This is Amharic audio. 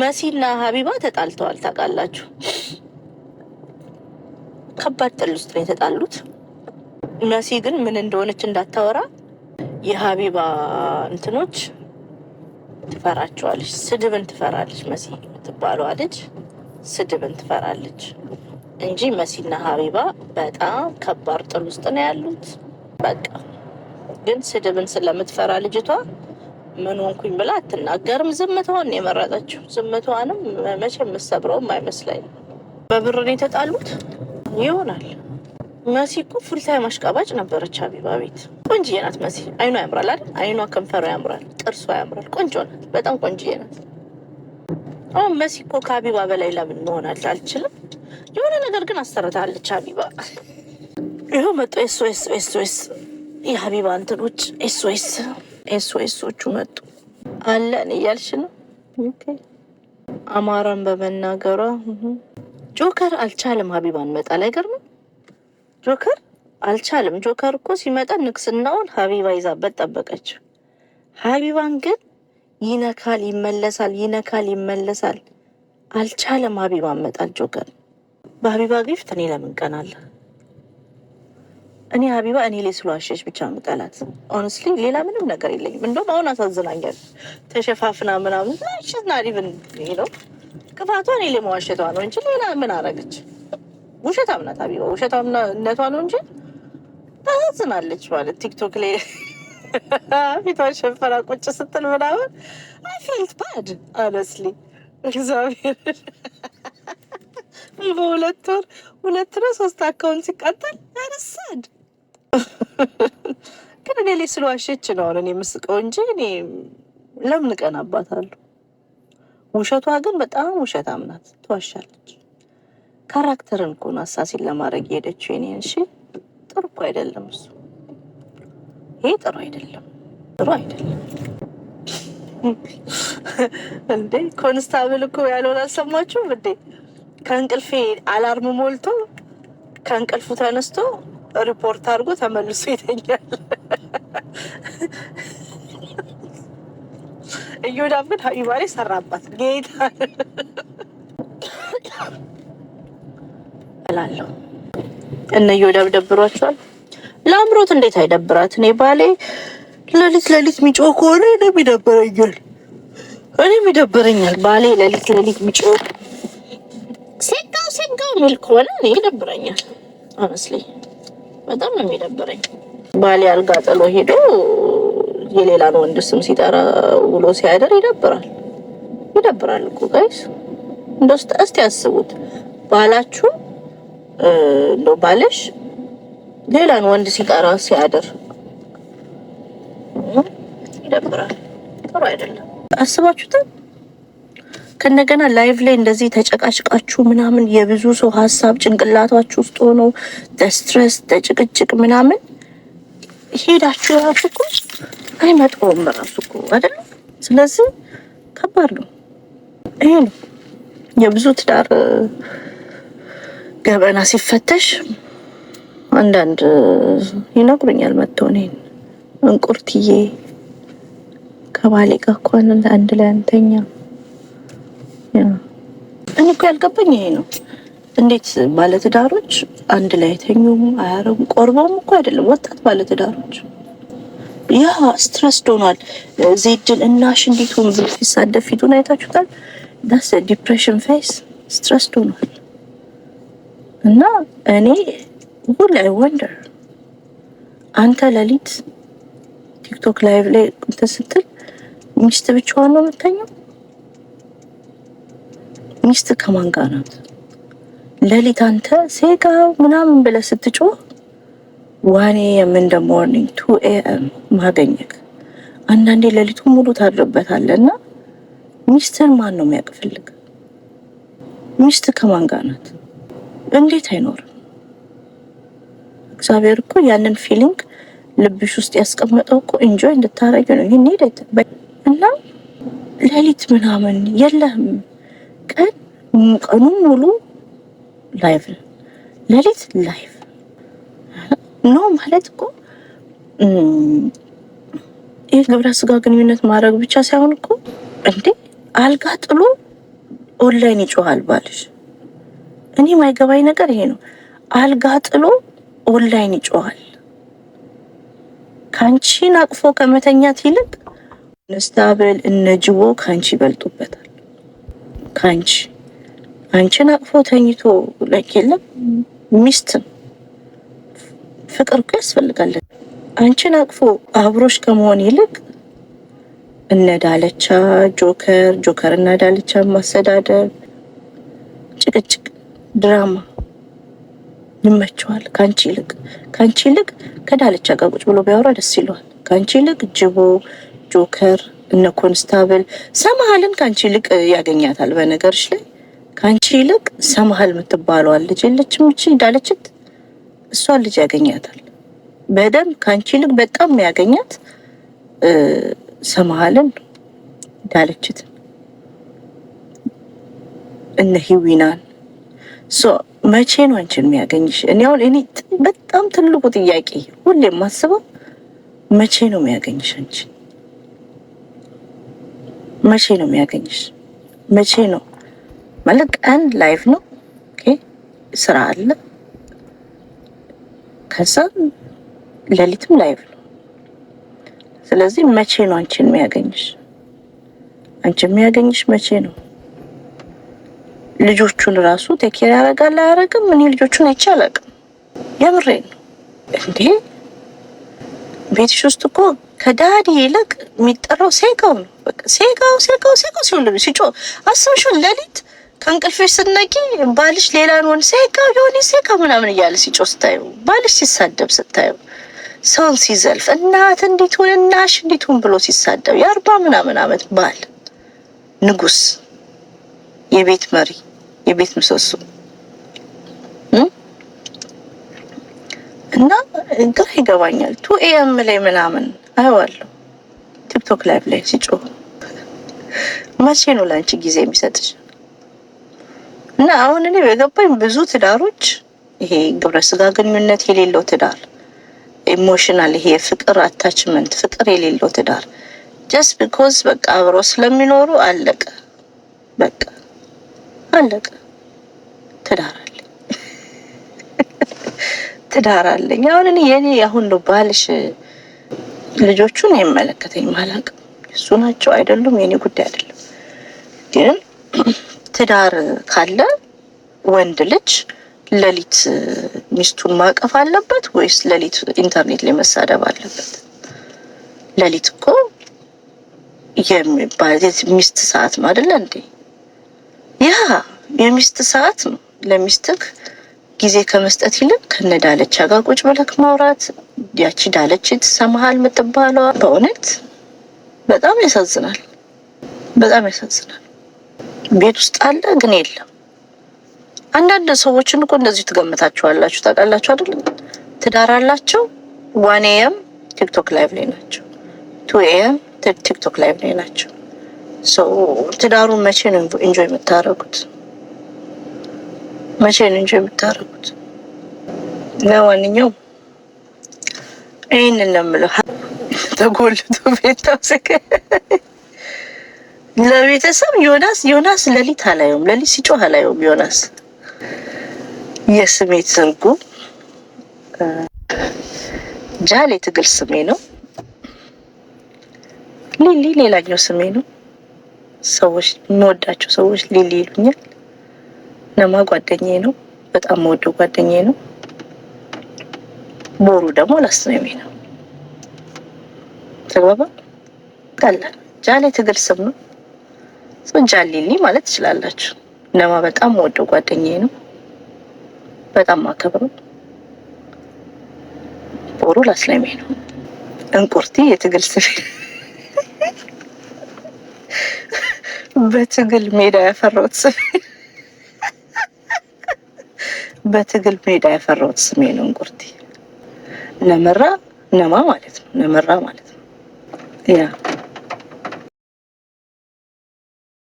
መሲና ሀቢባ ተጣልተዋል። ታውቃላችሁ፣ ከባድ ጥል ውስጥ ነው የተጣሉት። መሲ ግን ምን እንደሆነች እንዳታወራ የሀቢባ እንትኖች ትፈራቸዋለች። ስድብን ትፈራለች። መሲ የምትባለዋ ልጅ ስድብን ትፈራለች እንጂ መሲና ሀቢባ በጣም ከባድ ጥል ውስጥ ነው ያሉት። በቃ ግን ስድብን ስለምትፈራ ልጅቷ ምን ሆንኩኝ ብላ አትናገርም። ዝምታዋን የመረጠችው ዝምታዋንም መቼም የምሰብረውም አይመስለኝም። በብር ነው የተጣሉት ይሆናል። መሲ እኮ ፉልታይም አሽቃባጭ ነበረች። አቢባ ቤት ቆንጅዬ ናት መሲ። አይኗ ያምራል አይደል? አይኗ ከንፈሯ ያምራል፣ ጥርሷ ያምራል። ቆንጆ ናት፣ በጣም ቆንጅዬ ናት። አሁን መሲ እኮ ከአቢባ በላይ ለምን መሆን አልችልም። የሆነ ነገር ግን አሰረታለች አቢባ። ይኸው መጡ ኤስኦኤስ ኤስኦኤስ የአቢባ እንትኖች ኤስኦኤስ ኤስኦኤሶቹ መጡ አለን እያልሽ ነው። አማራን በመናገሯ ጆከር አልቻለም። ሀቢባን መጣል አይገርምም። ጆከር አልቻለም። ጆከር እኮ ሲመጣ ንግስናውን ሀቢባ ይዛበት ጠበቀችው። ሀቢባን ግን ይነካል፣ ይመለሳል፣ ይነካል፣ ይመለሳል። አልቻለም ሀቢባን መጣል ጆከር። በሀቢባ ግፍት እኔ ለምን ቀናለሁ? እኔ ሀቢባ እኔ ላይ ስለዋሸች ብቻ ምጠላት ኦነስትሊ፣ ሌላ ምንም ነገር የለኝም። እንደውም አሁን አሳዝናኛል። ተሸፋፍና ምናምን ሽዝናሪብን ነው ክፋቷ እኔ ላይ መዋሸቷ ነው እንጂ ሌላ ምን አረገች? ውሸታም ናት ሀቢባ፣ ውሸታም ነቷ ነው እንጂ ታሳዝናለች። ማለት ቲክቶክ ላይ ፊቷን ሸፈራ ቁጭ ስትል ምናምን አይ ባድ ኦነስትሊ እግዚአብሔር በሁለት ወር ሁለት ነው ሶስት አካውንት ሲቃጠል ያነሳድ ግን እኔ ላይ ስለዋሸች ነው አሁን እኔ የምስቀው እንጂ እኔ ለምን እቀናባታለሁ? ውሸቷ ግን በጣም ውሸታም ናት፣ ትዋሻለች። ካራክተርን እኮ ነው አሳሲን ለማድረግ የሄደችው የኔ። እሺ ጥሩ እኮ አይደለም እሱ። ይሄ ጥሩ አይደለም፣ ጥሩ አይደለም እንዴ! ኮንስታብል እኮ ያለውን አልሰማችሁም እንዴ? ከእንቅልፌ አላርም ሞልቶ ከእንቅልፉ ተነስቶ ሪፖርት አድርጎ ተመልሶ ይተኛል። እዮዳብ ግን ሀቢባ ላይ ሰራባት ጌታ እላለሁ። እነ እዮዳብ ደብሯቸዋል። ለአምሮት እንዴት አይደብራት? እኔ ባሌ ለሊት ለሊት ሚጮ ከሆነ እኔም ይደብረኛል። እኔም ይደብረኛል። ባሌ ለሊት ለሊት ሚጮ ሴጋው ሴጋው ሚል ከሆነ እኔ ይደብረኛል። አመስለኝ በጣም ነው የሚደብረኝ። ባሌ አልጋ ጥሎ ሄዶ የሌላን ወንድ ስም ሲጠራ ውሎ ሲያደር ይደብራል። ይደብራል እኮ ጋይስ። እንደው እስቲ ያስቡት ባላችሁ እንደው ባለሽ ሌላን ወንድ ሲጠራ ሲያድር ይደብራል። ጥሩ አይደለም። አስባችሁታል? ከእንደገና ላይቭ ላይ እንደዚህ ተጨቃጭቃችሁ ምናምን የብዙ ሰው ሀሳብ ጭንቅላታችሁ ውስጥ ሆኖ ተስትረስ ተጭቅጭቅ ምናምን ሄዳችሁ ራሱ እኮ አይመጣውም ራሱ እኮ አይደለም። ስለዚህ ከባድ ነው። ይሄ ነው የብዙ ትዳር ገበና ሲፈተሽ አንዳንድ ይነግሩኛል መጥተው እኔን እንቁርትዬ ከባሌ ጋር እኮ አንድ ላይ አንተኛ እኔ እኮ ያልገባኝ ይሄ ነው። እንዴት ባለትዳሮች አንድ ላይ አይተኙም? አያረጉ ቆርበውም እኮ አይደለም። ወጣት ባለትዳሮች ያ ስትረስ ዶኗል። ዜድን እናሽ እንዴት ሆን ብሎ ሲሳደብ ፊቱን አይታችሁታል። ዳስ ዲፕሬሽን ፌስ ስትረስ ዶኗል። እና እኔ ሁሉ አይ ወንደር አንተ ሌሊት ቲክቶክ ላይቭ ላይ እንትን ስትል ሚስት ብቻዋን ነው የምተኛው ሚስት ከማን ጋር ናት? ሌሊት አንተ ሴጋ ምናምን ብለህ ስትጮህ ዋኔ የምን ደ ሞርኒንግ ቱ ኤኤም ማገኘት አንዳንዴ ሌሊቱ ሙሉ ታድርበታለ እና ሚስትን ማን ነው የሚያቅፍልግ? ሚስት ከማን ጋር ናት? እንዴት አይኖርም? እግዚአብሔር እኮ ያንን ፊሊንግ ልብሽ ውስጥ ያስቀመጠው እኮ ኢንጆይ እንድታረጊ ነው። ይህን ሄደት እና ሌሊት ምናምን የለህም። ቀን ቀኑን ሙሉ ላይቭ ነው፣ ሌሊት ላይቭ ነው ማለት እኮ ይህ ግብረ ስጋ ግንኙነት ማድረግ ብቻ ሳይሆን እኮ እንዴ አልጋ ጥሎ ኦንላይን ይጮሃል ባልሽ። እኔ ማይገባኝ ነገር ይሄ ነው። አልጋ ጥሎ ኦንላይን ይጮሃል። ካንቺን አቅፎ ከመተኛት ይልቅ ንስታብል እነ ጅቦ ካንቺ ይበልጡበታል። ከአንቺ አንቺን አቅፎ ተኝቶ ላይክ የለም ሚስትን ፍቅር እኮ ያስፈልጋል። አንቺን አቅፎ አብሮሽ ከመሆን ይልቅ እነዳለቻ ጆከር ጆከር እና ዳለቻ ማሰዳደር፣ ጭቅጭቅ፣ ድራማ ይመቸዋል። ከአንቺ ይልቅ ከአንቺ ይልቅ ከዳለቻ ጋር ቁጭ ብሎ ቢያወራ ደስ ይለዋል። ከአንቺ ይልቅ ጅቦ ጆከር እነ ኮንስታብል ሰማሃልን ከአንቺ ይልቅ ያገኛታል። በነገርሽ ላይ ከአንቺ ይልቅ ሰማሃል የምትባለዋል ልጅ የለችም እቺ እንዳለችት እሷ ልጅ ያገኛታል በደንብ ከአንቺ ይልቅ በጣም ያገኛት ሰማሃልን እንዳለችት እነ ሂዊናን መቼ ነው አንቺን የሚያገኝሽ? እኔ አሁን እኔ በጣም ትልቁ ጥያቄ ሁሌ የማስበው መቼ ነው የሚያገኝሽ አንቺን መቼ ነው የሚያገኝሽ? መቼ ነው ማለት ቀን ላይፍ ነው፣ ስራ አለ፣ ከዛ ሌሊትም ላይፍ ነው። ስለዚህ መቼ ነው አንቺን የሚያገኝሽ? አንቺ የሚያገኝሽ መቼ ነው? ልጆቹን ራሱ ቴኬር ያደርጋል አያደርግም? እኔ ልጆቹን አይቼ አላውቅም። ነው እንዴ ቤትሽ ውስጥ እኮ ከዳዲ ይልቅ የሚጠራው ሴጋው ነው። በቃ ሴጋው ሴጋው ሴጋው ሲሆን ነው ሲጮ አስምሽው ለሊት ከእንቅልፍሽ ስነቂ ባልሽ ሌላ ነው ሴጋው የሆነ ሴጋው ምናምን እያለ ሲጮ ስታዩ፣ ባልሽ ሲሳደብ ስታዩ፣ ሰውን ሲዘልፍ እናት እንዲቱን እናሽ እንዲቱን ብሎ ሲሳደብ የአርባ ምናምን አመት ባል ንጉስ፣ የቤት መሪ፣ የቤት ምሰሶ እና ግራ ይገባኛል ቱ ኤም ላይ ምናምን አየዋለሁ ቲክቶክ ላይቭ ላይ ሲጮህ። መቼ ነው ለአንቺ ጊዜ የሚሰጥሽ? እና አሁን እኔ በገባኝ ብዙ ትዳሮች ይሄ ግብረ ስጋ ግንኙነት የሌለው ትዳር፣ ኢሞሽናል ይሄ ፍቅር አታችመንት ፍቅር የሌለው ትዳር ጀስት ቢኮዝ በቃ አብሮ ስለሚኖሩ አለቀ፣ በቃ አለቀ። ትዳር አለኝ ትዳር አለኝ። አሁን እኔ የኔ አሁን ነው ባልሽ ልጆቹን አይመለከተኝ አላውቅም። እሱ ናቸው አይደሉም የኔ ጉዳይ አይደለም። ግን ትዳር ካለ ወንድ ልጅ ሌሊት ሚስቱን ማቀፍ አለበት ወይስ ሌሊት ኢንተርኔት ላይ መሳደብ አለበት? ሌሊት እኮ ሚስት ሰዓት ነው አይደለ እንዴ? ያ የሚስት ሰዓት ነው። ለሚስትክ ጊዜ ከመስጠት ይልቅ ከነዳለቻ ጋር ቁጭ ብለክ ማውራት ያቺ ዳለች ትሰማሃል የምትባለዋ በእውነት በጣም ያሳዝናል። በጣም ያሳዝናል። ቤት ውስጥ አለ ግን የለም። አንዳንድ ሰዎችን እኮ እንደዚሁ ትገምታቸዋላችሁ ታውቃላችሁ አይደለም? ትዳር አላቸው። ዋን ኤም ቲክቶክ ላይቭ ላይ ናቸው። ቱ ኤም ቲክቶክ ላይቭ ላይ ናቸው። ትዳሩን መቼ ነው ኢንጆይ የምታደርጉት? መቼ ነው ኢንጆይ የምታደርጉት? ለማንኛውም ይህንን ነው የምለው። ተጎልቶ ቤት ለቤተሰብ ዮናስ ዮናስ ለሊት አላየውም፣ ለሊት ሲጮህ አላየውም። ዮናስ የስሜት ዝንጉ ጃል የትግል ስሜ ነው። ሊሊ ሌላኛው ስሜ ነው። ሰዎች የምወዳቸው ሰዎች ሊሊ ይሉኛል። ነማ ጓደኛዬ ነው። በጣም የምወደው ጓደኛዬ ነው። ቦሩ ደግሞ ላስት ነው የሚለው ተግባባ ቀላ ጃሌ ትግል ስም ነው። ጃሌሊ ማለት ትችላላችሁ። ነማ በጣም ወደው ጓደኛዬ ነው፣ በጣም ማከብረው። ቦሩ ላስለሜ ነው። እንቁርቲ የትግል ስም በትግል ሜዳ ያፈራሁት ስሜ በትግል ሜዳ ያፈራሁት ስሜ ነው እንቁርቲ ነመራ ነማ ማለት ነው። ነመራ ማለት ነው ያ